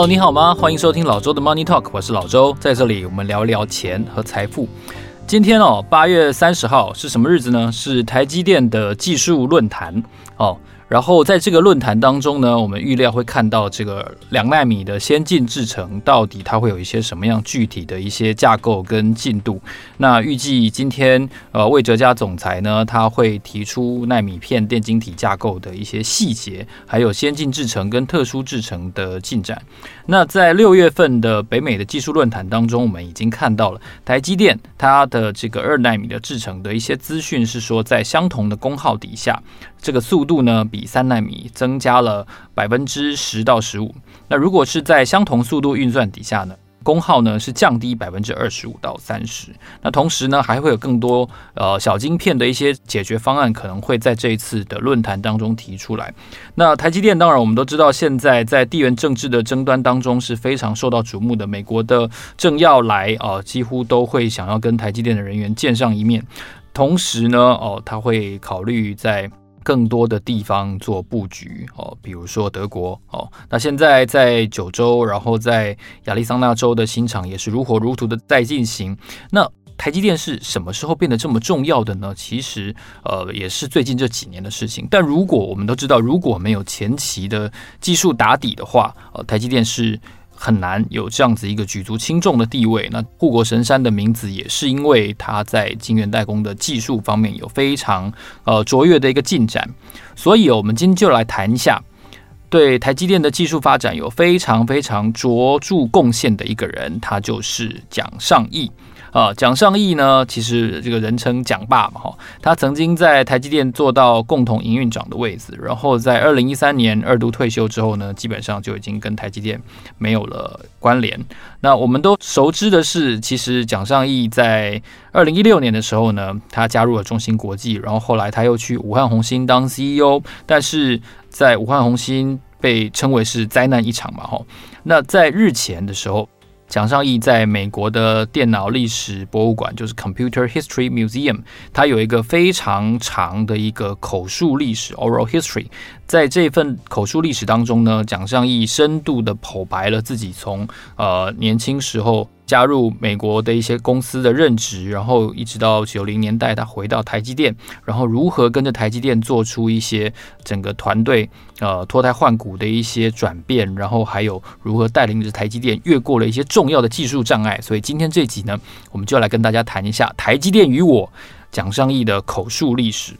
Oh, 你好嗎？歡迎收聽老周的 Money Talk，我是老周，在這裡我們聊一聊錢和財富。今天哦，八月三十號是什麼日子呢？是台積電的技術論壇哦。然後在這個論壇當中呢，我們預料會看到這個兩納米的先進製程到底它會有一些什麼樣具體的一些架構跟進度。那預計今天呃，魏哲家總裁呢，他會提出納米片電晶體架構的一些細節，還有先進製程跟特殊製程的進展。那在六月份的北美的技術論壇當中，我們已經看到了台積電它的這個二納米的製程的一些資訊，是說在相同的功耗底下，這個速度呢比三奈米增加了百分之十到十五。那如果是在相同速度運算底下呢，功耗呢是降低百分之二十五到三十。那同時呢，還會有更多呃小晶片，的一些解決方案可能會在這一次的論壇當中提出來。那台積電當然我們都知道，現在在地緣政治的爭端當中是非常受到矚目的。美國的政要來啊、呃，幾乎都會想要跟台積電的人員見上一面。同時呢，哦、呃，他會考慮在更多的地方做佈局哦，比如說德國哦，那現在在九州，然後在亞利桑那州的新廠也是如火如荼的在進行。那台積電是什麼時候變得這麼重要的呢？其實呃也是最近這幾年的事情。但如果我們都知道，如果沒有前期的技術打底的話，呃台積電是。很難有這樣子一個舉足輕重的地位。那護國神山的名字也是因為他在晶圓代工的技術方面有非常呃卓越的一個進展，所以我們今天就來談一下。對台積電的技術發展有非常非常卓著貢獻的一個人，他就是蔣尚義啊。蔣尚義呢，其實這個人稱蔣爸嘛，哈。他曾經在台積電做到共同營運長的位置，然後在二零一三年二度退休之後呢，基本上就已經跟台積電沒有了關聯。那我們都熟知的是，其實蔣尚義在二零一六年的時候呢，他加入了中芯國際，然後後來他又去武漢弘芯當 CEO，但是在武漢弘芯被稱為是災難一場嘛吼。那在日前的時候。蔣尚義在美國的電腦歷史博物館，就是 Computer History Museum，它有一個非常長的一個口述歷史 （oral history）。在這份口述歷史當中呢，蔣尚義深度的剖白了自己從呃年輕時候。加入美國的一些公司的任職，然後一直到九零年代，他回到台積電，然後如何跟着台積電做出一些整個團隊呃脫胎換骨的一些轉變，然後還有如何帶領着台積電越過了一些重要的技術障礙。所以今天這集呢，我們就來跟大家談一下台積電與我蔣尚義的口述歷史。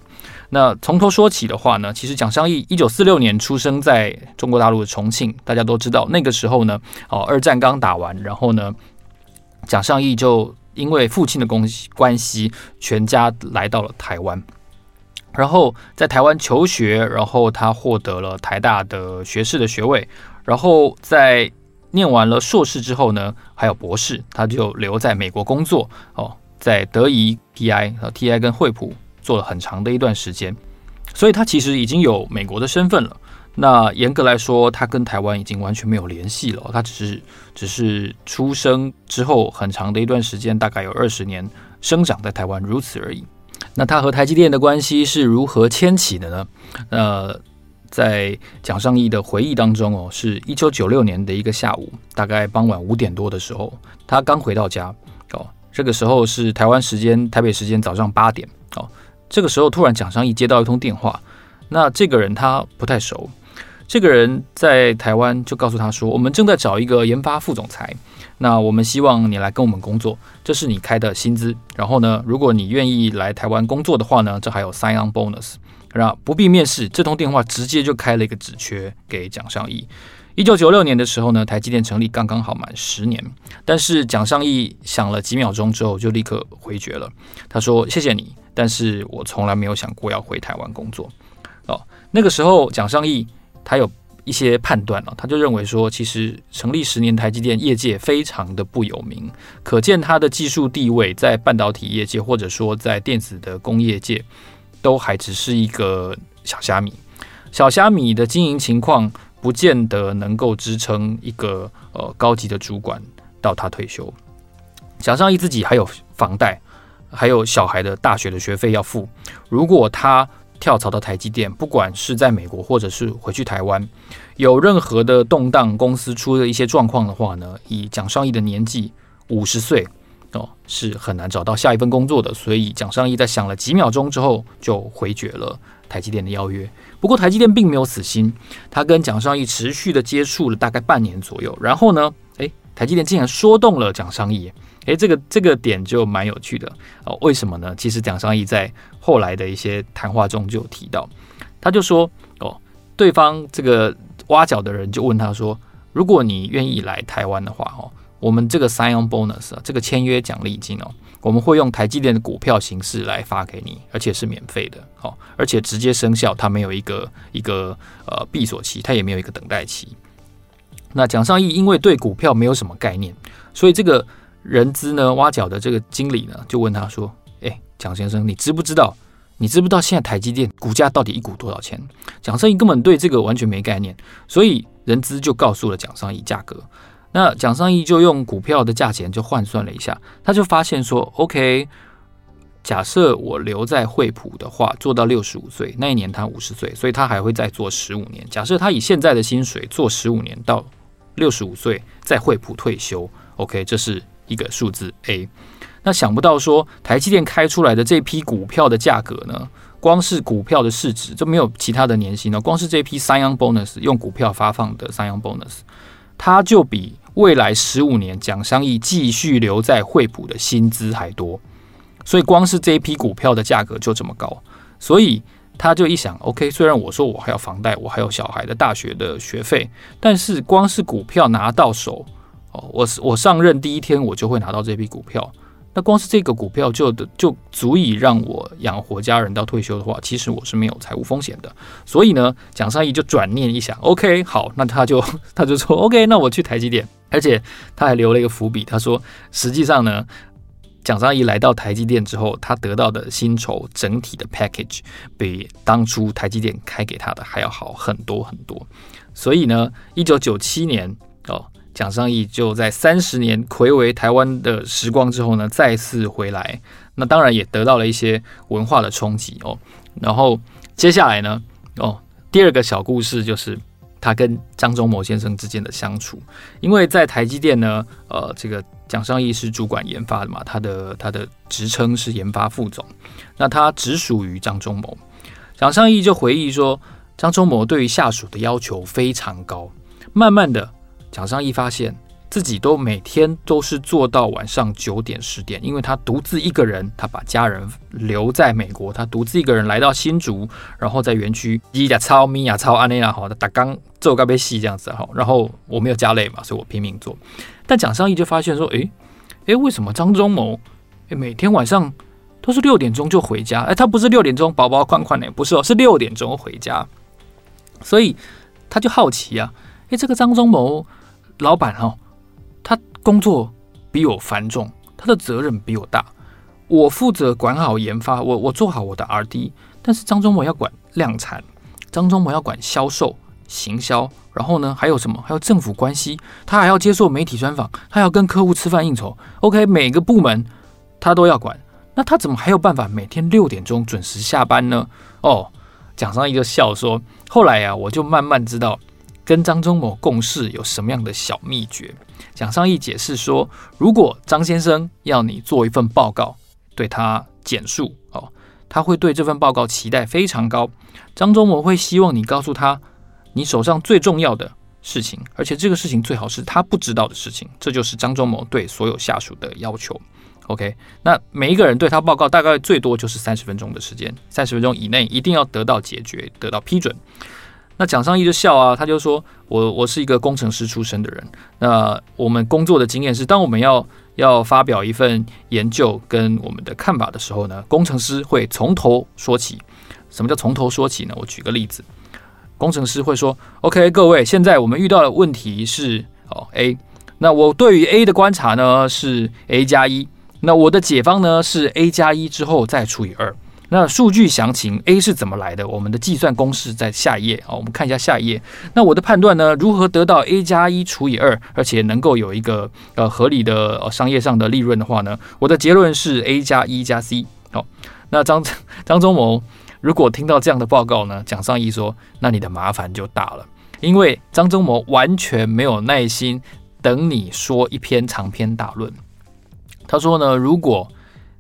那從頭說起的話呢，其實蔣尚義一九四六年出生在中國大陸的重慶，大家都知道那個時候呢，哦二戰剛打完，然後呢。蔣尚義就因為父親的公關係，全家來到了台灣，然後在台灣求學，然後他獲得了台大的學士的學位，然後在念完了碩士之後呢，還有博士，他就留在美國工作哦，在德儀、D I 和 T I 跟惠普做了很長的一段時間，所以他其實已經有美國的身份了。那嚴格來說，他跟台灣已經完全沒有聯繫了。他只是只是出生之後很長的一段時間，大概有二十年，生長在台灣，如此而已。那他和台積電的關係是如何牽起的呢？呃，在蔣尚義的回憶當中哦，是一九九六年的一個下午，大概傍晚五點多的時候，他剛回到家哦，這個時候是台灣時間、台北時間早上八點哦，這個時候突然蔣尚義接到一通電話，那這個人他不太熟。這個人在台灣就告訴他說：“我們正在找一個研發副總裁，那我們希望你來跟我們工作。這是你開的薪資。然後呢，如果你願意來台灣工作的話呢，這還有 sign on bonus，那不必面試。這通電話直接就開了一個職缺給蔣尚義。一九九六年的時候呢，台積電成立剛剛好滿十年，但是蔣尚義想了幾秒鐘之後就立刻回絕了。他說：謝謝你，但是我從來沒有想過要回台灣工作。哦，那個時候蔣尚義。”他有一些判斷了，他就認為說，其實成立十年，台積電業界非常的不有名，可見他的技術地位在半導體業界，或者說在電子的工業界，都還只是一個小蝦米。小蝦米的經營情況不見得能夠支撐一個呃高級的主管到他退休。蔣尚義自己還有房貸，還有小孩的大學的學費要付，如果他跳槽到台積電，不管是在美國或者是回去台灣，有任何的動盪，公司出了一些狀況的話呢，以蔣尚義的年紀，五十歲哦，是很難找到下一份工作的。所以蔣尚義在想了幾秒鐘之後，就回絕了台積電的邀約。不過台積電並沒有死心，他跟蔣尚義持續的接觸了大概半年左右，然後呢，台積電竟然說動了蔣尚義，欸，誒、欸，這個這個點就蠻有趣的哦。為什麼呢？其實蔣尚義在後來的一些談話中就有提到，他就說哦，對方這個挖角的人就問他說，如果你願意來台灣的話，哦，我們這個 sign on bonus 這個簽約獎勵金哦，我們會用台積電的股票形式來發給你，而且是免費的，哦，而且直接生效，它沒有一個一個呃閉鎖期，它也沒有一個等待期。那蔣尚義因為對股票沒有什麼概念，所以這個人資呢，挖角的這個經理呢就問他說：“哎、欸，蔣先生，你知不知道？你知不知道現在台積電股價到底一股多少錢？”蔣尚義根本對這個完全沒概念，所以人資就告訴了蔣尚義價格。那蔣尚義就用股票的價錢就換算了一下，他就發現說：“OK，假設我留在惠普的話，做到六十五歲，那一年他五十歲，所以他還會再做十五年。假設他以現在的薪水做十五年到。”六十五歲在惠普退休，OK，這是一個數字 A。那想不到說台積電開出來的這批股票的價格呢，光是股票的市值就沒有其他的年薪了，哦。光是這批 sign on bonus 用股票發放的 sign on bonus，它就比未來十五年蔣尚義繼續留在惠普的薪資還多。所以光是這一批股票的價格就這麼高，所以。他就一想，OK，雖然我說我還有房貸，我還有小孩的大學的學費，但是光是股票拿到手，哦，我是我上任第一天我就會拿到這批股票，那光是這個股票就就足以讓我養活家人到退休的話，其實我是沒有財務風險的。所以呢，蔣尚義就轉念一想，OK，好，那他就他就說，OK，那我去台積電，而且他還留了一個伏筆，他說，實際上呢。蔣尚義來到台積電之後，他得到的薪酬整體的 package 比當初台積電開給他的還要好很多很多。所以呢，一九九七年哦，蔣尚義就在三十年睽違台灣的時光之後呢，再次回來。那當然也得到了一些文化的衝擊哦。然後接下來呢，哦，第二個小故事就是。他跟張忠謀先生之間的相處，因為在台積電呢，呃，這個蔣尚義是主管研發的嘛，他的他的職稱是研發副總，那他只屬於張忠謀。蔣尚義就回憶說，張忠謀對於下屬的要求非常高，慢慢的，蔣尚義發現。自己都每天都是做到晚上九點十點，因為他獨自一個人，他把家人留在美國，他獨自一個人來到新竹，然後在園區，咿呀超咪呀超安內呀哈，他打鋼奏咖啡，戲這，這樣子吼，然後我沒有家累嘛，所以我拼命做。但蔣尚義就發現說，誒、欸，誒、欸，為什麼張忠謀每天晚上都是六點鐘就回家？誒、欸，他不是六點鐘，薄薄寬寬呢？不是哦，是六點鐘回家。所以他就好奇啊，誒、欸，這個張忠謀老板哈、哦。工作比我繁重，他的責任比我大。我負責管好研發，我我做好我的 R&D。但是張忠謀要管量產，張忠謀要管銷售、行銷，然後呢，還有什麼？還有政府關係，他還要接受媒體專訪，他還要跟客戶吃飯應酬。OK，每個部門他都要管，那他怎麼還有辦法每天六點鐘準時下班呢？哦，蔣尚義一個笑說：“後來呀、啊，我就慢慢知道。”跟張忠謀共事有什麼樣的小秘訣？蔣尚義解釋說，如果張先生要你做一份報告，對他簡述哦，他會對這份報告期待非常高。張忠謀會希望你告訴他你手上最重要的事情，而且這個事情最好是他不知道的事情。這就是張忠謀對所有下屬的要求。OK，那每一個人對他報告大概最多就是三十分鐘的時間，三十分鐘以內一定要得到解決，得到批准。那蔣尚義就笑啊，他就說：“我我是一個工程師出身的人。那我們工作的經驗是，當我們要要發表一份研究跟我們的看法的時候呢，工程師會從頭說起。什麼叫從頭說起呢？我舉個例子，工程師會說：‘OK，各位，現在我們遇到的問題是哦 A。那我對於 A 的觀察呢是 A 加一。那我的解方呢是 A 加一之後再除以二。”那數據詳情 A 是怎麼來的？我們的計算公式在下一頁啊，我們看一下下一頁。那我的判斷呢？如何得到 A 加一除以二，而且能夠有一個呃合理的商業上的利潤的話呢？我的結論是 A 加一加 C。好，那張張忠謀如果聽到這樣的報告呢？蔣尚義說，那你的麻煩就大了，因為張忠謀完全沒有耐心等你說一篇長篇大論。他說呢，如果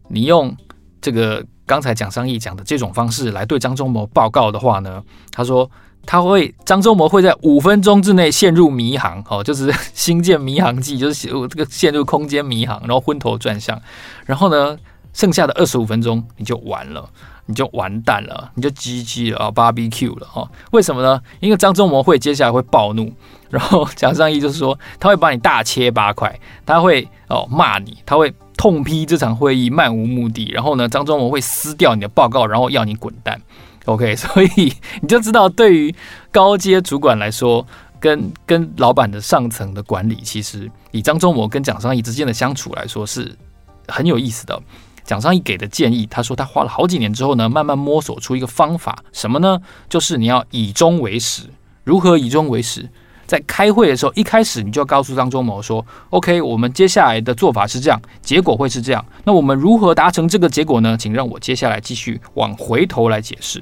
你用這個。剛才蔣尚義講的這種方式來對張忠謀報告的話呢，他說他會張忠謀會在五分鐘之內陷入迷航，哦，就是星艦迷航記，就是這個陷入空間迷航，然後昏頭轉向，然後呢，剩下的二十五分鐘你就完了，你就完蛋了，你就 GG 了，啊，BBQ 了，啊、哦，為什麼呢？因為張忠謀會接下來會暴怒，然後蔣尚義就是說他會把你大卸八塊，他會哦罵你，他會。痛批這場會議漫無目的，然後呢，張忠謀會撕掉你的報告，然後要你滾蛋。OK，所以你就知道，對於高階主管來說，跟跟老闆的上層的管理，其實以張忠謀跟蔣尚義之間的相處來說是很有意思的。蔣尚義給的建議，他說他花了好幾年之後呢，慢慢摸索出一個方法，什麼呢？就是你要以終為始。如何以終為始？在開會的時候，一開始你就要告訴張忠謀說：“OK，我們接下來的做法是這樣，結果會是這樣。那我們如何達成這個結果呢？請讓我接下來繼續往回頭來解釋。”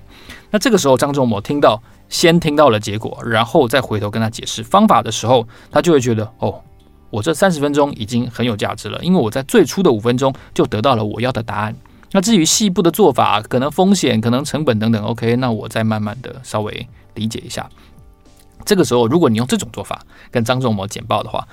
那這個時候，張忠謀聽到先聽到了結果，然後再回頭跟他解釋方法的時候，他就會覺得：“哦，我這三十分鐘已經很有價值了，因為我在最初的五分鐘就得到了我要的答案。那至於細部的做法，可能風險、可能成本等等，OK，那我再慢慢的稍微理解一下。”這個時候，如果你用這種做法跟張忠謀簡報的話，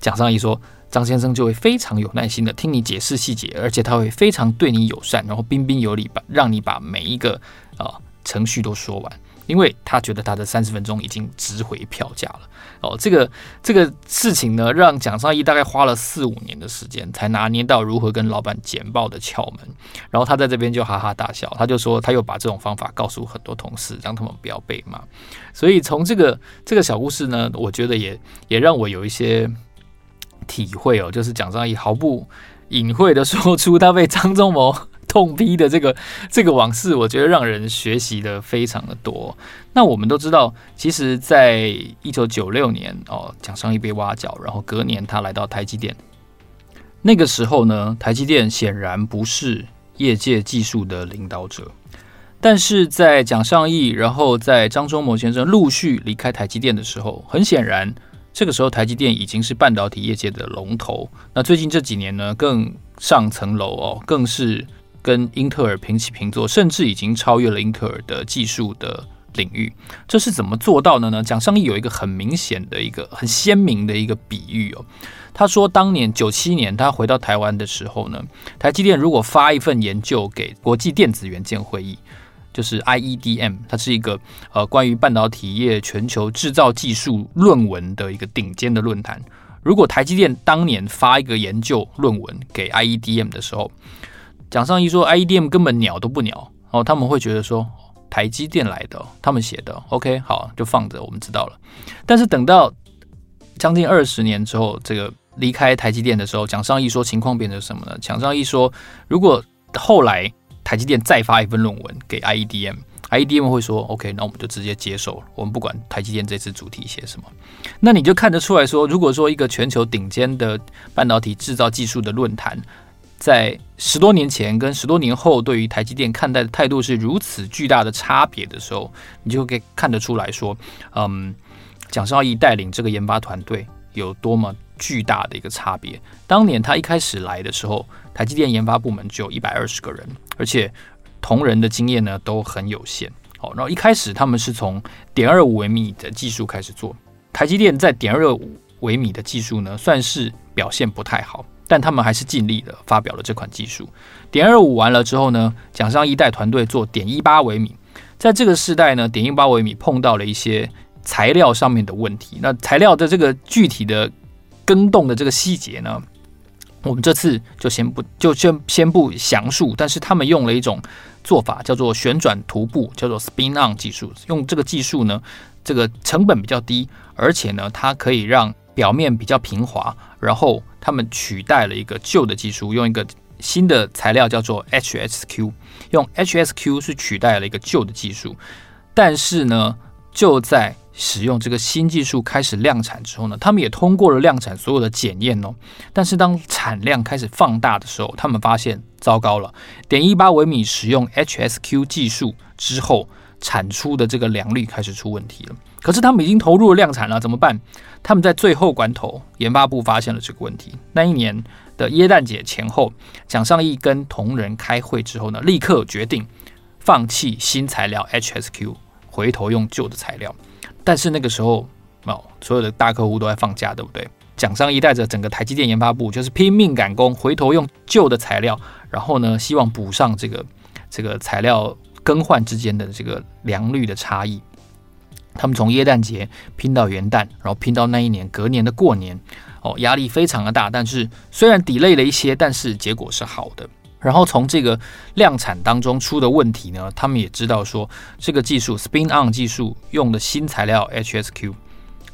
蔣尚義說，張先生就會非常有耐心的聽你解釋細節，而且他會非常對你友善，然後彬彬有禮，把讓你把每一個啊、呃、程序都說完。因為他覺得他的三十分鐘已經值回票價了哦，這個這個事情呢，讓蔣尚義大概花了四五年的時間才拿捏到如何跟老板簡報的竅門，然後他在這邊就哈哈大笑，他就說他又把這種方法告訴很多同事，讓他們不要被罵。所以從這個這個小故事呢，我覺得也也讓我有一些體會哦，就是蔣尚義毫不隱晦的說出他被張忠謀。痛批的這個這個往事，我覺得讓人學習的非常的多。那我們都知道，其實在，在一九九六年哦，蔣尚義被挖角，然後隔年他來到台積電。那個時候呢，台積電顯然不是業界技術的領導者，但是在蔣尚義，然後在張忠謀先生陸續離開台積電的時候，很顯然，這個時候台積電已經是半導體業界的龍頭。那最近這幾年呢，更上層樓哦，更是。跟英特爾平起平坐，甚至已經超越了英特爾的技術的領域。這是怎麼做到的呢？蔣尚義有一個很明顯的一個很鮮明的一個比喻哦。他說，當年九七年他回到台灣的時候呢，台積電如果發一份研究給國際電子元件會議，就是 IEDM，它是一個呃關於半導體業全球製造技術論文的一個頂尖的論壇。如果台積電當年發一個研究論文給 IEDM 的時候，蔣尚義說：“IEDM 根本鳥都不鳥。”哦，他們會覺得說台積電來的，他們寫的，OK，好就放着，我們知道了。但是等到將近二十年之後，這個離開台積電的時候，蔣尚義說情況變成什麼呢？蔣尚義說：“如果後來台積電再發一份論文給 IEDM，IEDM 會說 OK，那我們就直接接受，我們不管台積電這次主題寫什麼。那你就看得出來說，如果說一個全球頂尖的半導體製造技術的論壇。”在十多年前跟十多年後，對於台積電看待的態度是如此巨大的差別的時候，你就可以看得出來說，嗯，蔣尚義帶領這個研發團隊有多麼巨大的一個差別。當年他一開始來的時候，台積電研發部門只有一百二十個人，而且同仁的經驗呢都很有限。好，然後一開始他們是從點二五微米的技術開始做，台積電在點二五微米的技術呢，算是表現不太好。但他們還是盡力的發表了這款技術。點二五完了之後呢，蔣尚義帶團隊做點一八微米。在這個世代呢，點一八微米碰到了一些材料上面的問題。那材料的這個具體的根動的這個細節呢，我們這次就先不就先先不詳述。但是他們用了一種做法，叫做旋轉塗佈，叫做 spin on 技術。用這個技術呢，這個成本比較低，而且呢，它可以讓表面比較平滑，然後。他們取代了一個舊的技術，用一個新的材料叫做 HSQ，用 HSQ 是取代了一個舊的技術，但是呢，就在使用這個新技術開始量產之後呢，他們也通過了量產所有的檢驗哦，但是當產量開始放大的時候，他們發現糟糕了，點一八微米使用 HSQ 技術之後，產出的這個良率開始出問題了。可是他們已經投入了量產了，怎麼辦？他們在最後關頭，研發部發現了這個問題。那一年的耶誕節前後，蔣尚義跟同仁開會之後呢，立刻決定放棄新材料 HSQ，回頭用舊的材料。但是那個時候，哦，所有的大客戶都在放假，對不對？蔣尚義帶着整個台積電研發部，就是拼命趕工，回頭用舊的材料，然後呢，希望補上這個這個材料更換之間的這個良率的差異。他們從耶誕節拼到元旦，然後拼到那一年隔年的過年，哦，壓力非常的大。但是雖然 delay 了一些，但是結果是好的。然後從這個量產當中出的問題呢，他們也知道說，這個技術 Spin-on 技術用的新材料 HSQ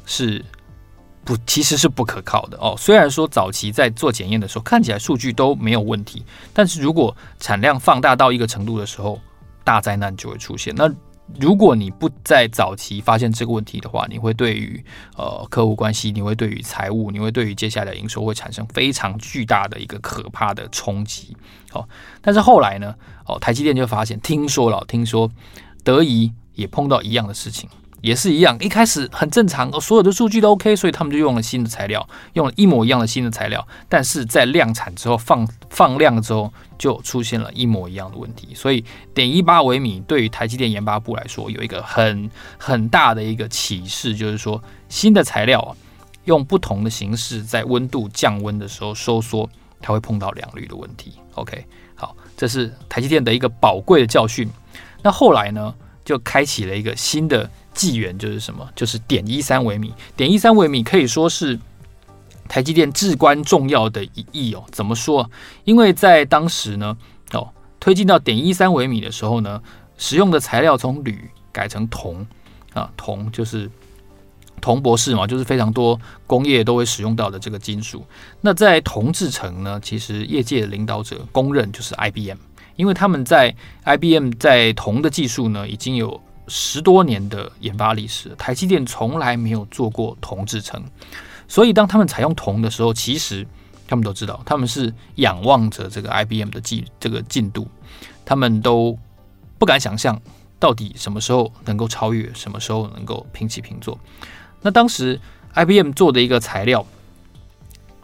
是不，其實是不可靠的哦。雖然說早期在做檢驗的時候看起來數據都沒有問題，但是如果產量放大到一個程度的時候，大災難就會出現。那如果你不在早期發現這個問題的話，你會對於呃客戶關係，你會對於財務，你會對於接下來的營收會產生非常巨大的一個可怕的衝擊。好，哦，但是後來呢？哦，台積電就發現，聽說了，聽說德儀也碰到一樣的事情。也是一樣，一開始很正常，所有的數據都 OK，所以他們就用了新的材料，用了一模一樣的新的材料，但是在量產之後放放量，之後就出現了一模一樣的問題。所以點一八微米對於台積電研發部來說有一個很很大的一個啟示，就是說新的材料啊，用不同的形式在溫度降溫的時候收縮，它會碰到良率的問題。OK，好，這是台積電的一個寶貴的教訓。那後來呢，就開啟了一個新的。紀元就是什麼？就是點一三微米。點一三微米可以說是台積電至關重要的意義哦。怎麼說？因為在當時呢，哦，推進到點一三微米的時候呢，使用的材料從鋁改成銅啊，銅就是銅博士嘛，就是非常多工業都會使用到的這個金屬。那在銅制程呢，其實業界的領導者公認就是 IBM，因為他們在 IBM 在銅的技術呢已經有。十多年的研發歷史，台積電從來沒有做過銅製程，所以當他們採用銅的時候，其實他們都知道，他們是仰望着這個 IBM 的進這個進度，他們都不敢想象到底什麼時候能夠超越，什麼時候能夠平起平坐。那當時 IBM 做的一個材料，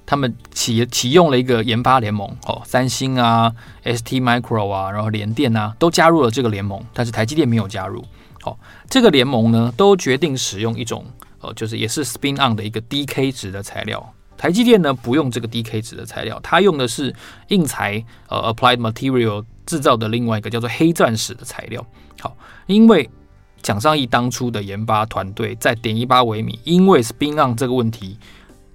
他們啟啟用了一個研發聯盟哦，三星啊、STMicro 啊，然後聯電啊，都加入了這個聯盟，但是台積電沒有加入。好，這個聯盟呢，都決定使用一種，呃，就是也是 Spin On 的一個低 K 值的材料。台積電呢，不用這個低 K 值的材料，它用的是應材，呃，Applied Material 製造的另外一個叫做黑鑽石的材料。好，因為蔣尚義當初的研發團隊在點一八微米，因為 Spin On 這個問題。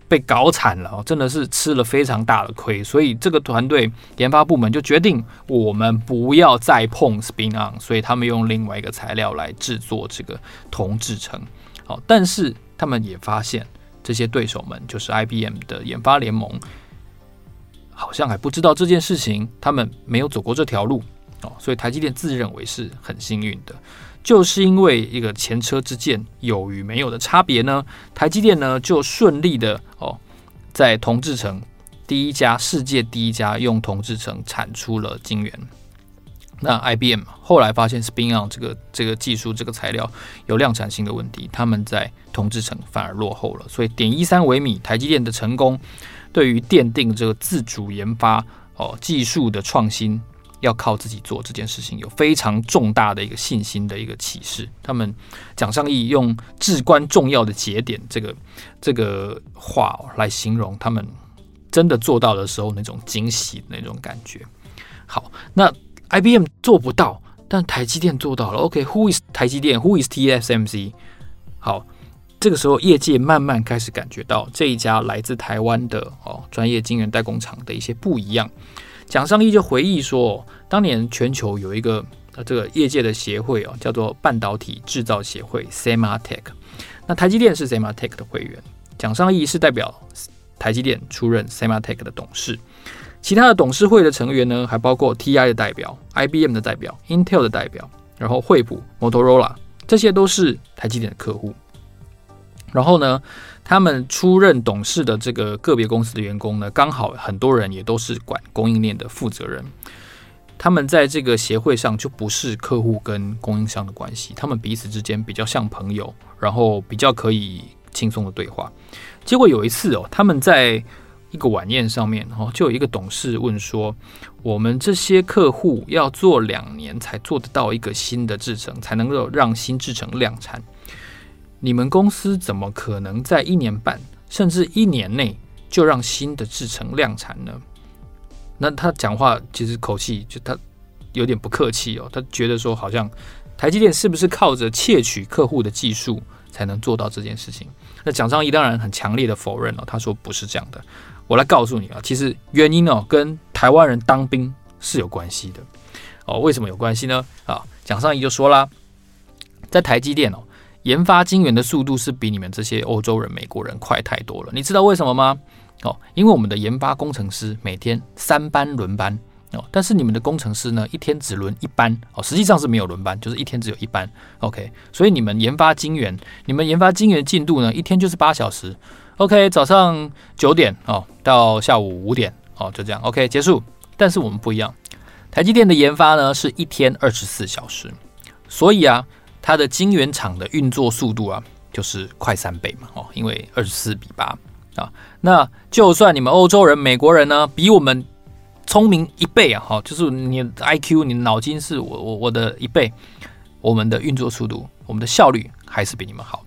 被搞慘了，真的是吃了非常大的虧，所以這個團隊研發部門就決定，我們不要再碰 spin on，所以他們用另外一個材料來制作這個銅制程，但是他們也發現這些對手們，就是 IBM 的研發聯盟，好像還不知道這件事情，他們沒有走過這條路，哦，所以台積電自認為是很幸運的。就是因為一個前車之鑑有與沒有的差別呢，台積電呢就順利的哦，在銅製程第一家，世界第一家用銅製程產出了晶圓。那 IBM 後來發現 Spin-on 這個這個技術這個材料有量產性的問題，他們在銅製程反而落後了。所以點一三微米台積電的成功，對於奠定這個自主研發哦技術的創新。要靠自己做這件事情，有非常重大的一個信心的一個啟示。他們蔣尚義用至關重要的節點這個這個話、哦、來形容他們真的做到的時候那種驚喜的那種感覺。好，那 IBM 做不到，但台積電做到了。OK，who is 台積電？who is TSMC？好，這個時候業界慢慢開始感覺到這一家來自台灣的哦專業晶圓代工廠的一些不一樣。蔣尚義就回憶說哦，當年全球有一個呃這個業界的協會哦，叫做半導體製造協會 （Sematech），那台積電是 Sematech 的會員，蔣尚義是代表台積電出任 Sematech 的董事。其他的董事會的成員呢，還包括 TI 的代表、IBM 的代表、Intel 的代表，然後惠普、Motorola，這些都是台積電的客戶。然後呢，他們出任董事的這個個別公司的員工呢，剛好很多人也都是管供應鏈的負責人。他們在這個協會上就不是客戶跟供應商的關係，他們彼此之間比較像朋友，然後比較可以輕鬆的對話。結果有一次哦，他們在一個晚宴上面，然後就有一個董事問說：“我們這些客戶要做兩年才做得到一個新的製程，才能夠讓新製程量產。”你們公司怎麼可能在一年半甚至一年內就讓新的製程量產呢？那他講話其實口氣就他有點不客氣哦，他覺得說好像台積電是不是靠着竊取客戶的技術才能做到這件事情？那蔣尚義當然很強烈的否認了、哦，他說不是這樣的。我來告訴你啊，其實原因哦跟台灣人當兵是有關係的哦。為什麼有關係呢？啊、哦，蔣尚義就說啦，在台積電哦。研發晶圓的速度是比你們這些歐洲人、美國人快太多了。你知道為什麼嗎？哦，因為我們的研發工程師每天三班輪班哦，但是你們的工程師呢，一天只輪一班哦，實際上是沒有輪班，就是一天只有一班。OK，所以你們研發晶圓，你們研發晶圓的進度呢，一天就是八小時。OK，早上九點哦，到下午五點哦，就這樣。OK，結束。但是我們不一樣，台積電的研發呢，是一天二十四小時，所以啊。它的晶圓廠的運作速度啊，就是快三倍嘛，哦，因為二十四比八啊，那就算你們歐洲人、美國人呢、啊，比我們聰明一倍啊，好，就是你 IQ 你的腦筋是我我我的一倍，我們的運作速度、我們的效率還是比你們好。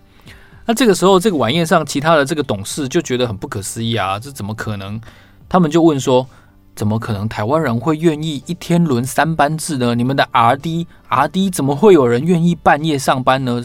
那這個時候，這個晚宴上其他的這個董事就覺得很不可思議啊，這怎麼可能？他們就問說。怎麼可能台灣人會願意一天輪三班制呢？你們的 RD RD 怎麼會有人願意半夜上班呢？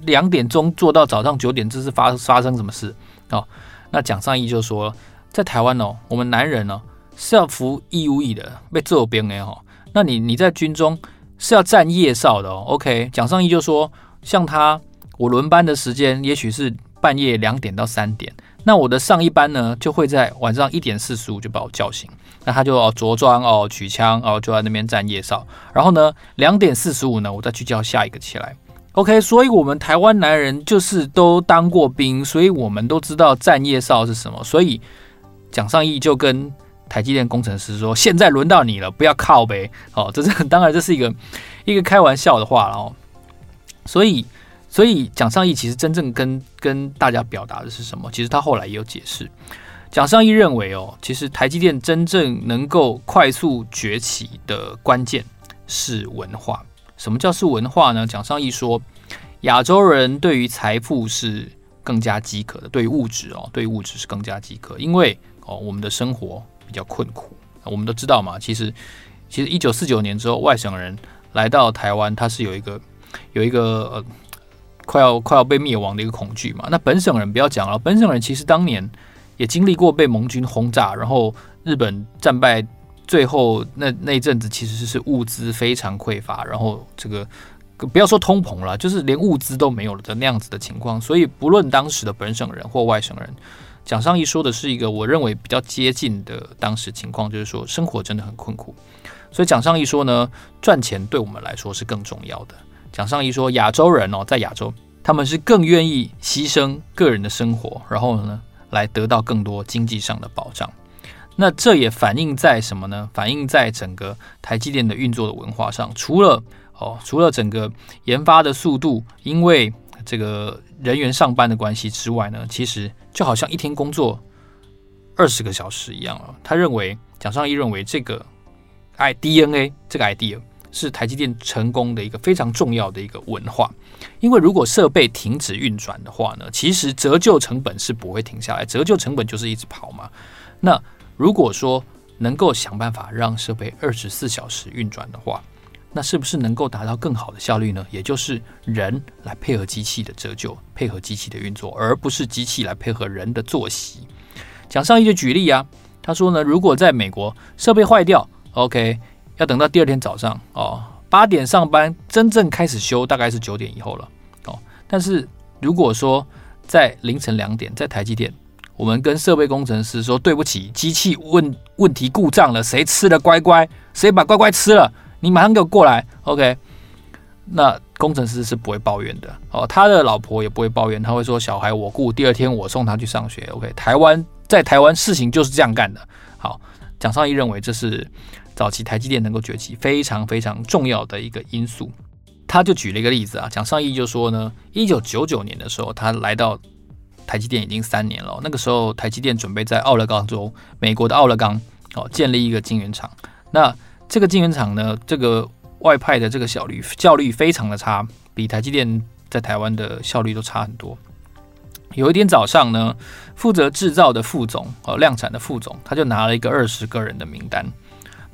兩點鐘做到早上九點，這是發發生什麼事哦。那蔣尚義就說，在台灣哦，我們男人哦是要服義務役的，被做兵誒哦。那你你在軍中是要站夜哨的哦。OK，蔣尚義就說，像他我輪班的時間，也許是半夜兩點到三點，那我的上一班呢就會在晚上一點四十五就把我叫醒。那他就哦着裝哦取槍哦就在那邊站夜哨，然後呢兩點四十五呢我再去叫下一個起來。OK，所以我們台灣男人就是都當過兵，所以我們都知道站夜哨是什麼。所以蔣尚義就跟台積電工程師說：“現在輪到你了，不要靠北。”哦，這是當然，這是一個一個開玩笑的話了哦。所以，所以蔣尚義其實真正跟跟大家表達的是什麼？其實他後來也有解釋。蔣尚義認為，哦，其實台積電真正能夠快速崛起的關鍵是文化。什麼叫是文化呢？蔣尚義說，亞洲人對於財富是更加飢渴的，對於物質哦，對於物質是更加飢渴的，因為哦，我們的生活比較困苦。我們都知道嘛，其實，其實一九四九年之後，外省人來到台灣，他是有一個有一個、呃、快要快要被滅亡的一個恐懼嘛。那本省人不要講了，本省人其實當年。也經歷過被盟軍轟炸，然後日本戰敗，最後那那一陣子其實是物資非常匱乏，然後這個，個不要說通膨了，就是連物資都沒有的那樣子的情況。所以不論當時的本省人或外省人，蔣尚義說的是一個我認為比較接近的當時情況，就是說生活真的很困苦。所以蔣尚義說呢，賺錢對我們來說是更重要的。蔣尚義說，亞洲人哦，在亞洲他們是更願意犧牲個人的生活，然後呢，來得到更多經濟上的保障，那這也反映在什麼呢？反映在整個台積電的運作的文化上。除了哦，除了整個研發的速度，因為這個人員上班的關係之外呢，其實就好像一天工作二十個小時一樣啊。他認為，蔣尚義認為這個 IDNA 這個 idea。是台積電成功的一個非常重要的一個文化，因為如果設備停止運轉的話呢，其實折舊成本是不會停下來，折舊成本就是一直跑嘛。那如果說能夠想辦法讓設備二十四小時運轉的話，那是不是能夠達到更好的效率呢？也就是人來配合機器的折舊，配合機器的運作，而不是機器來配合人的作息。蔣尚義就舉例啊，他說呢，如果在美國設備壞掉，OK。要等到第二天早上哦，八點上班，真正開始修大概是九點以後了哦。但是如果說在凌晨兩點，在台積電，我們跟設備工程師說對不起，機器問問題故障了，誰吃了乖乖？誰把乖乖吃了？你馬上給我過來，OK？那工程師是不會抱怨的哦，他的老婆也不會抱怨，他會說，小孩我顧，第二天我送他去上學，OK？台灣，在台灣事情就是這樣幹的。好，蔣尚義認為這是早期台積電能夠崛起非常非常重要的一個因素，他就舉了一個例子啊，蔣尚義就說呢，一九九九年的時候，他來到台積電已經三年了，那個時候台積電準備在奧勒岡州，美國的奧勒岡哦，建立一個晶圓廠，那這個晶圓廠呢，這個外派的這個效率效率非常的差，比台積電在台灣的效率都差很多。有一天早上呢，負責製造的副總和量產的副總，他就拿了一個二十個人的名單。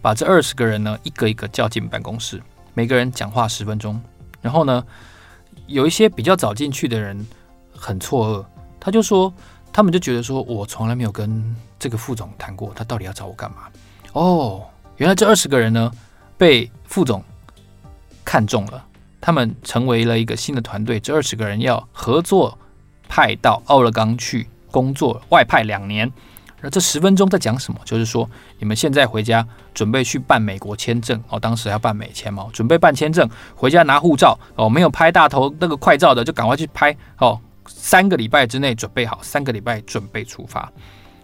把這二十個人呢，一個一個叫進辦公室，每個人講話十分鐘。然後呢，有一些比較早進去的人很錯愕，他就說，他們就覺得說，我從來沒有跟這個副總談過，他到底要找我幹嘛？哦，原來這二十個人呢，被副總看中了，他們成為了一個新的團隊。這二十個人要合作派到奧勒岡去工作，外派兩年。那這十分鐘在講什麼？就是說，你們現在回家準備去辦美國簽證哦。當時要辦美簽嘛、哦、準備辦簽證，回家拿護照哦。沒有拍大頭那個快照的，就趕快去拍哦。三個禮拜之內準備好，三個禮拜準備出發，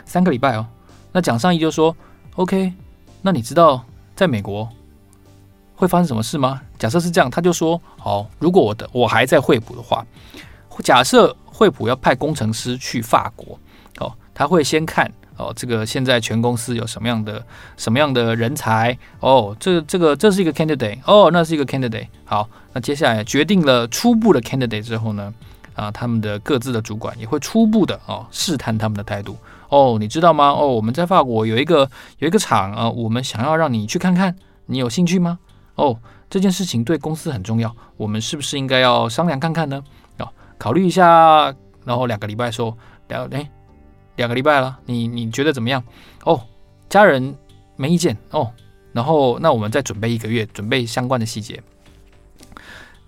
三個禮拜哦。那蔣尚義就說，OK，那你知道在美國會發生什麼事嗎？假設是這樣，他就說，好、哦，如果我的我還在惠普的話，假設惠普要派工程師去法國哦，他會先看。哦，這個現在全公司有什麼樣的什麼樣的人才？哦，這這個這是一個 candidate 哦，那是一個 candidate。好，那接下來決定了初步的 candidate 之後呢，啊，他們的各自的主管也會初步的哦，試探他們的態度。哦，你知道嗎？哦，我們在法國有一個有一個廠啊，我們想要讓你去看看，你有興趣嗎？哦，這件事情對公司很重要，我們是不是應該要商量看看呢？哦，考慮一下，然後兩個禮拜說，來、哎、來。兩個禮拜了，你你覺得怎麼樣？哦，家人沒意見哦。然後那我們再準備一個月，準備相關的細節。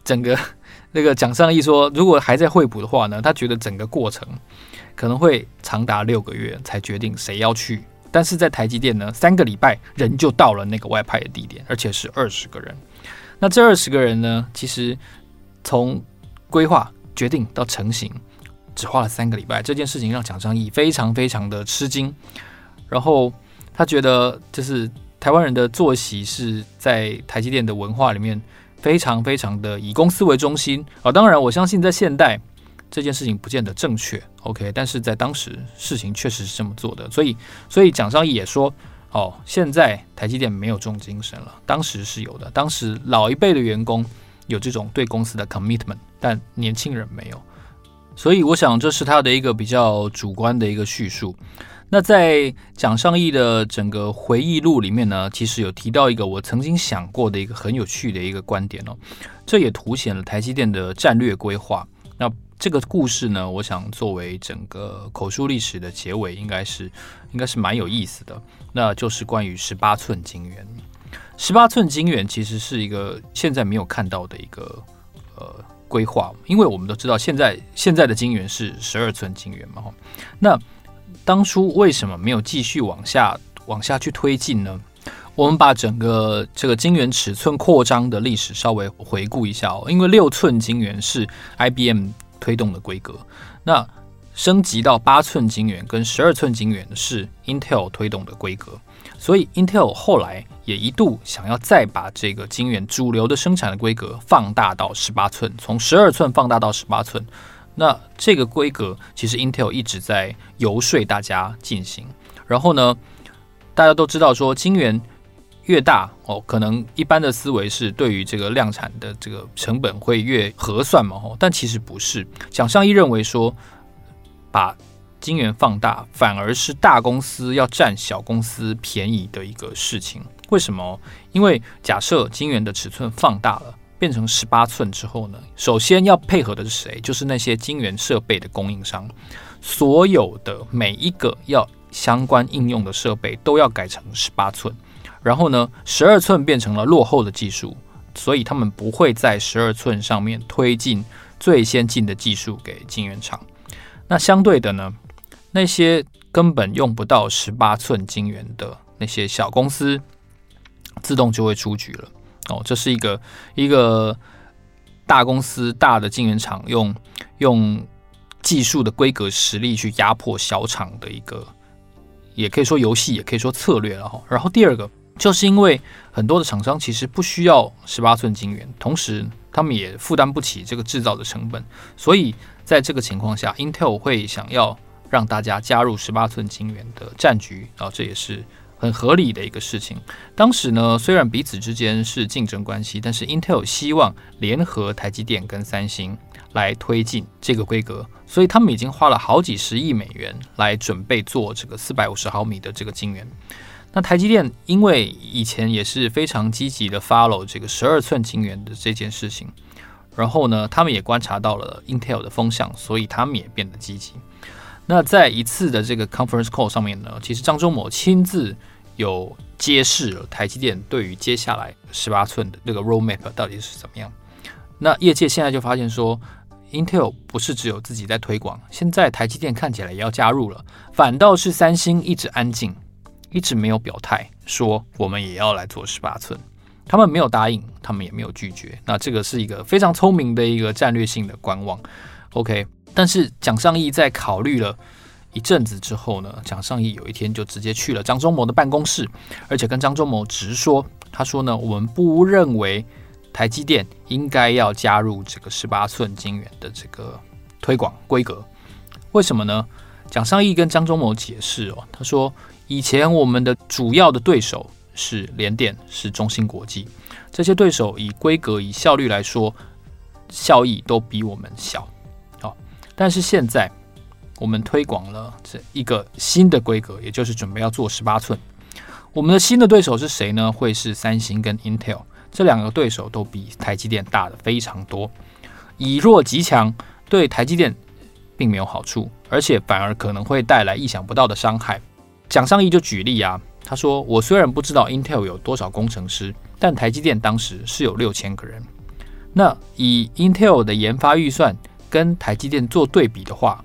整個那個蔣尚義說，如果還在惠普的話呢，他覺得整個過程可能會長達六個月才決定誰要去。但是在台積電呢，三個禮拜人就到了那個外派的地點，而且是二十個人。那這二十個人呢，其實從規劃、決定到成型。只花了三個禮拜，這件事情讓蔣尚義非常非常的吃驚，然後他覺得就是台灣人的作息是在台積電的文化裡面非常非常的以公司為中心啊。哦，當然，我相信在現代這件事情不見得正確，OK？但是在當時事情確實是這麼做的，所以所以蔣尚義也說，哦，現在台積電沒有這種精神了，當時是有的，當時老一輩的員工有這種對公司的 commitment，但年輕人沒有。所以我想，這是他的一個比較主觀的一個敘述。那在蔣尚義的整個回憶錄裡面呢，其實有提到一個我曾經想過的一個很有趣的一個觀點哦。這也凸顯了台積電的戰略規劃。那這個故事呢，我想作為整個口述歷史的結尾，應該是應該是蠻有意思的。那就是關於十八寸晶圓，十八寸晶圓其實是一個現在沒有看到的一個呃。規劃，因為我們都知道，現在現在的晶圓是十二寸晶圓嘛，那當初為什麼沒有繼續往下往下去推進呢？我們把整個這個晶圓尺寸擴張的歷史稍微回顧一下哦，因為六寸晶圓是 IBM 推動的規格，那升級到八寸晶圓跟十二寸晶圓是 Intel 推動的規格。所以，Intel 後來也一度想要再把這個晶圓主流的生產的規格放大到十八寸，從十二寸放大到十八寸。那這個規格其實 Intel 一直在遊說大家進行。然後呢，大家都知道說晶圓越大哦，可能一般的思維是對於這個量產的這個成本會越合算嘛。哦，但其實不是，蔣尚義認為說把。晶圓放大反而是大公司要佔小公司便宜的一個事情。為什麼？因為假設晶圓的尺寸放大了，變成十八寸之後呢，首先要配合的是誰？就是那些晶圓設備的供應商。所有的每一個要相關應用的設備都要改成十八寸。然後呢，十二寸變成了落後的技術，所以他們不會在十二寸上面推進最先進的技術給晶圓廠。那相對的呢？那些根本用不到十八寸晶圓的那些小公司，自動就會出局了。哦，這是一個一個大公司大的晶圓廠用用技術的規格實力去壓迫小廠的一個，也可以說遊戲，也可以說策略了。哦，然後第二個就是因為很多的廠商其實不需要十八寸晶圓，同時他們也負擔不起這個制造的成本，所以在這個情況下，Intel 會想要。讓大家加入十八寸晶圓的戰局，啊，然後這也是很合理的一個事情。當時呢，雖然彼此之間是競爭關係，但是 Intel 希望聯合台積電跟三星來推進這個規格，所以他們已經花了好幾十億美元來準備做這個四百五十毫米的這個晶圓。那台積電因為以前也是非常積極的 follow 這個十二寸晶圓的這件事情，然後呢，他們也觀察到了 Intel 的風向，所以他們也變得積極。那在一次的這個 conference call 上面呢，其實張忠謀親自有揭示了台積電對於接下來十八寸的那個 roadmap 到底是怎麼樣。那業界現在就發現說，Intel 不是只有自己在推廣，現在台積電看起來也要加入了，反倒是三星一直安靜，一直沒有表態說我們也要來做十八寸。他們沒有答應，他們也沒有拒絕。那這個是一個非常聰明的一個戰略性的觀望。OK。但是蔣尚義在考慮了一陣子之後呢，蔣尚義有一天就直接去了張忠謀的辦公室，而且跟張忠謀直說，他說呢，我們不認為台積電應該要加入這個十八寸晶圓的這個推廣規格，為什麼呢？蔣尚義跟張忠謀解釋哦，他說以前我們的主要的對手是聯電，是中芯國際，這些對手以規格、以效率來說，效益都比我們小。但是現在，我們推廣了這一個新的規格，也就是準備要做十八寸。我們的新的對手是誰呢？會是三星跟 Intel，這兩個對手都比台積電大得非常多。以弱擊強，對台積電並沒有好處，而且反而可能會帶來意想不到的傷害。蔣尚義就舉例啊，他說：“我雖然不知道 Intel 有多少工程師，但台積電當時是有六千個人。那以 Intel 的研發預算。”跟台積電做對比的話，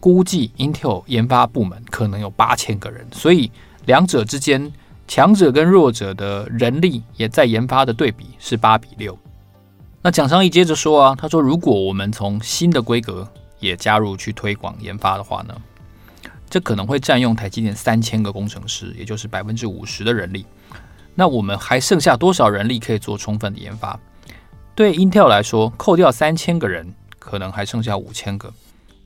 估計 Intel 研發部門可能有八千個人，所以兩者之間強者跟弱者的人力也在研發的對比是八比六。那蔣尚義接着說啊，他說如果我們從新的規格也加入去推廣研發的話呢，這可能會佔用台積電三千個工程師，也就是百分之五十的人力。那我們還剩下多少人力可以做充分的研發？對 Intel 來說，扣掉三千個人。可能還剩下五千個，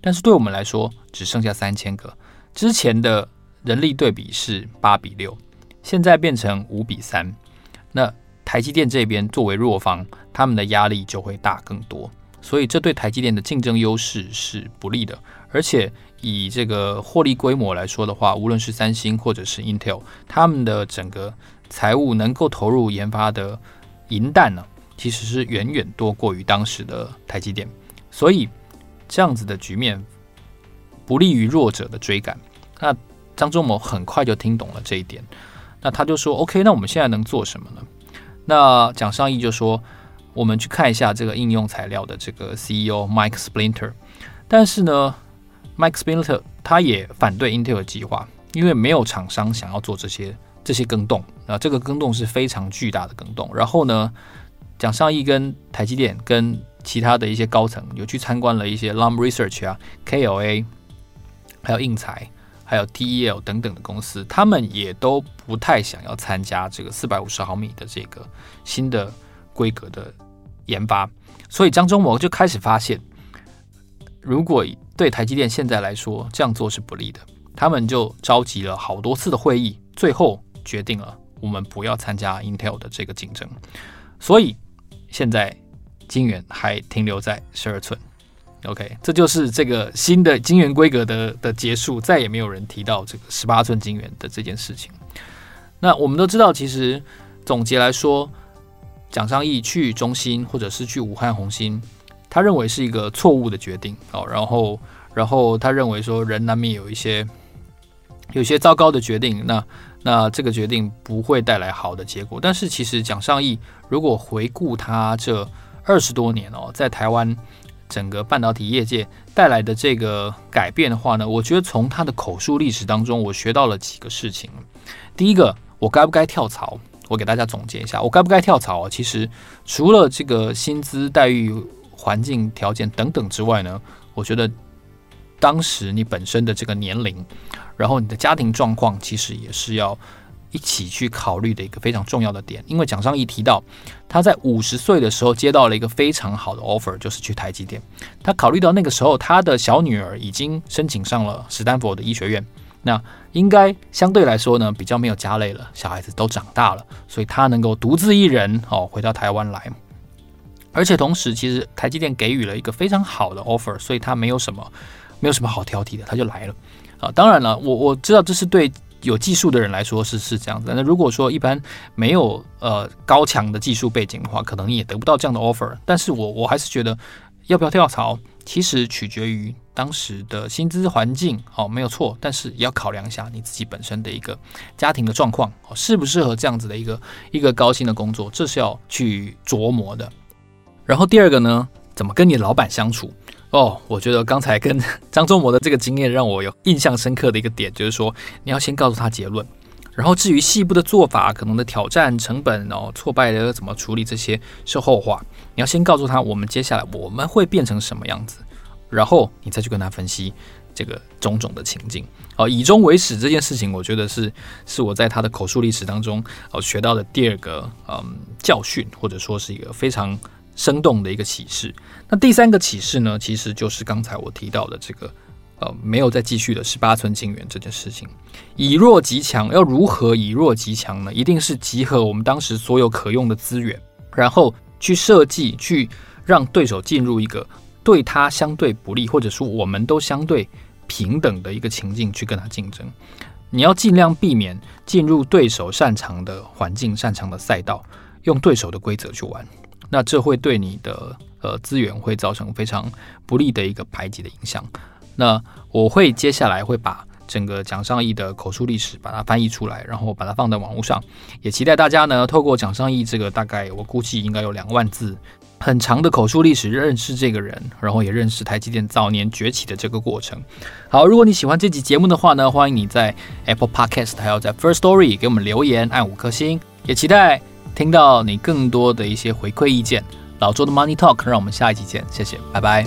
但是對我們來說只剩下三千個。之前的人力對比是八比六，現在變成五比三。那台積電這邊作為弱方，他們的壓力就會大更多，所以這對台積電的競爭優勢是不利的。而且以這個獲利規模來說的話，無論是三星或者是 Intel，他們的整個財務能夠投入研發的銀彈呢，啊，其實是遠遠多過於當時的台積電。所以，這樣子的局面不利於弱者的追趕。那張忠謀很快就聽懂了這一點。那他就說：“OK，那我們現在能做什麼呢？”那蔣尚義就說：“我們去看一下這個應用材料的這個 CEO Mike Splinter。但是呢，Mike Splinter 他也反對 Intel 的計劃，因為沒有廠商想要做這些這些更動。啊，這個更動是非常巨大的更動。然後呢，蔣尚義跟台積電跟。”其他的一些高層有去參觀了一些 Lam Research 啊、KLA，還有應材，還有 TEL 等等的公司，他們也都不太想要參加這個四百五十毫米的這個新的規格的研發，所以張忠謀就開始發現，如果對台積電現在來說這樣做是不利的，他們就召集了好多次的會議，最後決定了我們不要參加 Intel 的這個競爭，所以現在。晶圓還停留在十二寸，OK，這就是這個新的晶圓規格的的結束，再也沒有人提到這個十八寸晶圓的這件事情。那我們都知道，其實總結來說，蔣尚義去中芯或者是去武漢弘芯，他認為是一個錯誤的決定哦。然後，然後他認為說，人難免有一些有些糟糕的決定，那那這個決定不會帶來好的結果。但是，其實蔣尚義如果回顧他這二十多年哦，在台灣整個半導體業界帶來的這個改變的話呢，我覺得從他的口述歷史當中，我學到了幾個事情。第一個，我該不該跳槽？我給大家總結一下，我該不該跳槽？其實除了這個薪資待遇、環境條件等等之外呢，我覺得當時你本身的這個年齡，然後你的家庭狀況，其實也是要。一起去考慮的一個非常重要的點，因為蔣尚義提到，他在五十歲的時候接到了一個非常好的 offer，就是去台積電。他考慮到那個時候他的小女兒已經申請上了史丹佛的醫學院，那應該相對來說呢比較沒有家累了，小孩子都長大了，所以他能夠獨自一人哦回到台灣來。而且同時，其實台積電給予了一個非常好的 offer，所以他沒有什麼沒有什麼好挑剔的，他就來了。啊，當然了，我我知道這是對。有技術的人來說是是這樣子，那如果說一般沒有呃高強的技術背景的話，可能也得不到這樣的 offer。但是我我還是覺得，要不要跳槽，其實取決於當時的薪資環境，哦，沒有錯。但是也要考量一下你自己本身的一個家庭的狀況，哦、適不適合這樣子的一個一個高薪的工作，這是要去琢磨的。然後第二個呢，怎麼跟你老板相處？哦、oh，我覺得剛才跟張忠謀的這個經驗讓我有印象深刻的一個點，就是說你要先告訴他結論，然後至於細部的做法、可能的挑戰、成本，然後、哦、挫敗的怎麼處理，這些是後話。你要先告訴他，我們接下來我們會變成什麼樣子，然後你再去跟他分析這個種種的情境。哦，以終為始這件事情，我覺得是是我在他的口述歷史當中哦學到的第二個嗯教訓，或者說是一個非常生動的一個啟示。那第三個啟示呢，其實就是剛才我提到的這個，呃，沒有再繼續的十八寸晶圓這件事情。以弱擊強，要如何以弱擊強呢？一定是集合我們當時所有可用的資源，然後去設計，去讓對手進入一個對他相對不利，或者說我們都相對平等的一個情境去跟他競爭。你要盡量避免進入對手擅長的環境、擅長的賽道，用對手的規則去玩。那這會對你的。呃，資源會造成非常不利的一個排擠的影響。那我會接下來會把整個蔣尚義的口述歷史把它翻譯出來，然後把它放在網絡上。也期待大家呢，透過蔣尚義這個，大概我估計應該有兩萬字，很長的口述歷史，認識這個人，然後也認識台積電早年崛起的這個過程。好，如果你喜歡這集節目的話呢，歡迎你在 Apple Podcast 還有在 First Story 給我們留言，按五顆星，也期待聽到你更多的一些回饋意見。老周的 Money Talk，可讓我們下一期見，謝謝，拜拜。